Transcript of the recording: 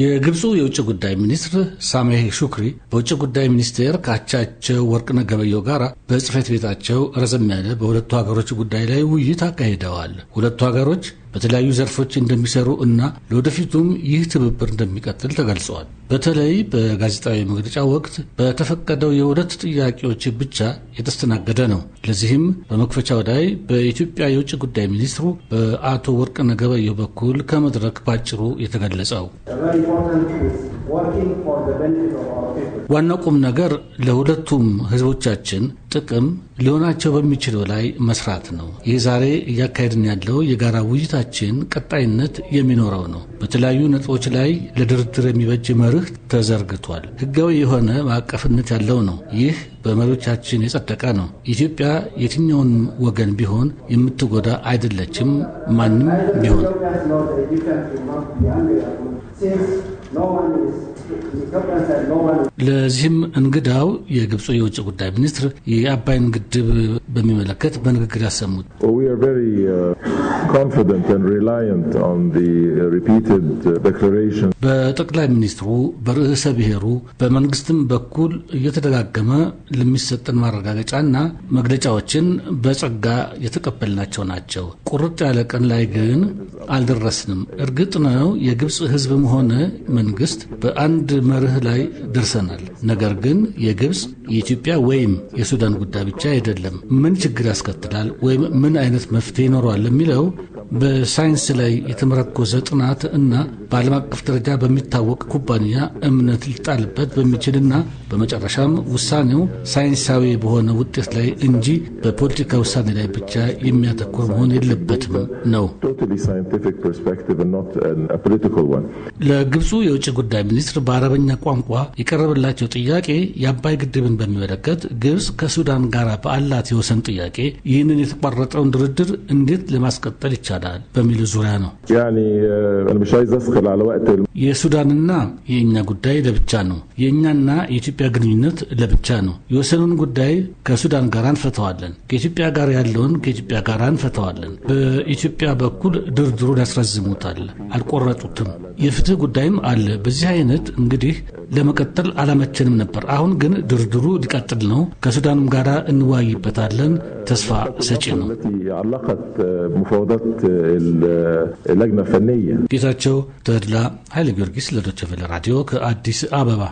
የግብፁ የውጭ ጉዳይ ሚኒስትር ሳሜህ ሹክሪ በውጭ ጉዳይ ሚኒስቴር ከአቻቸው ወርቅነህ ገበየሁ ጋር በጽህፈት ቤታቸው ረዘም ያለ በሁለቱ ሀገሮች ጉዳይ ላይ ውይይት አካሂደዋል። ሁለቱ ሀገሮች በተለያዩ ዘርፎች እንደሚሰሩ እና ለወደፊቱም ይህ ትብብር እንደሚቀጥል ተገልጸዋል። በተለይ በጋዜጣዊ መግለጫ ወቅት በተፈቀደው የሁለት ጥያቄዎች ብቻ የተስተናገደ ነው። ለዚህም በመክፈቻው ላይ በኢትዮጵያ የውጭ ጉዳይ ሚኒስትሩ በአቶ ወርቅነህ ገበየሁ በኩል ከመድረክ ባጭሩ የተገለጸው ዋናው ቁም ነገር ለሁለቱም ህዝቦቻችን ጥቅም ሊሆናቸው በሚችለው ላይ መስራት ነው። ይህ ዛሬ እያካሄድን ያለው የጋራ ውይይታችን ቀጣይነት የሚኖረው ነው። በተለያዩ ነጥቦች ላይ ለድርድር የሚበጅ መርህ ተዘርግቷል። ህጋዊ የሆነ ማዕቀፍነት ያለው ነው። ይህ በመሪዎቻችን የጸደቀ ነው። ኢትዮጵያ የትኛውን ወገን ቢሆን የምትጎዳ አይደለችም። ማንም ቢሆን ለዚህም እንግዳው የግብፁ የውጭ ጉዳይ ሚኒስትር የአባይን ግድብ በሚመለከት በንግግር ያሰሙት uh, uh, uh, በጠቅላይ ሚኒስትሩ በርዕሰ ብሔሩ በመንግስትም በኩል እየተደጋገመ ለሚሰጠን ማረጋገጫና መግለጫዎችን በጸጋ የተቀበልናቸው ናቸው። ቁርጥ ያለ ቀን ላይ ግን አልደረስንም። እርግጥ ነው የግብፅ ህዝብም ሆነ መንግስት በአንድ መርህ ላይ ደርሰናል። ነገር ግን የግብፅ የኢትዮጵያ ወይም የሱዳን ጉዳይ ብቻ አይደለም። ምን ችግር ያስከትላል ወይም ምን አይነት መፍትሄ ይኖረዋል የሚለው በሳይንስ ላይ የተመረኮዘ ጥናት እና በዓለም አቀፍ ደረጃ በሚታወቅ ኩባንያ እምነት ሊጣልበት በሚችልና በመጨረሻም ውሳኔው ሳይንሳዊ በሆነ ውጤት ላይ እንጂ በፖለቲካ ውሳኔ ላይ ብቻ የሚያተኩር መሆን የለበትም ነው። ለግብፁ የውጭ ጉዳይ ሚኒስትር በአረበኛ ቋንቋ የቀረበላቸው ጥያቄ የአባይ ግድብን በሚመለከት ግብፅ ከሱዳን ጋር በአላት የወሰን ጥያቄ ይህንን የተቋረጠውን ድርድር እንዴት ለማስቀጠል ይቻላል ይቻላል በሚል ዙሪያ ነው። የሱዳንና የእኛ ጉዳይ ለብቻ ነው። የእኛና የኢትዮጵያ ግንኙነት ለብቻ ነው። የወሰኑን ጉዳይ ከሱዳን ጋር እንፈተዋለን። ከኢትዮጵያ ጋር ያለውን ከኢትዮጵያ ጋር እንፈተዋለን። በኢትዮጵያ በኩል ድርድሩን ያስረዝሙታል። አልቆረጡትም። የፍትህ ጉዳይም አለ። በዚህ አይነት እንግዲህ ለመቀጠል አላመቸንም ነበር። አሁን ግን ድርድሩ ሊቀጥል ነው። ከሱዳንም ጋር እንወያይበታለን። ተስፋ ሰጪ ነው። اللجنه الفنيه ጌታቸው ተድላ ኃይለ ጊዮርጊስ ለዶቸቨለ ራዲዮ ከአዲስ አበባ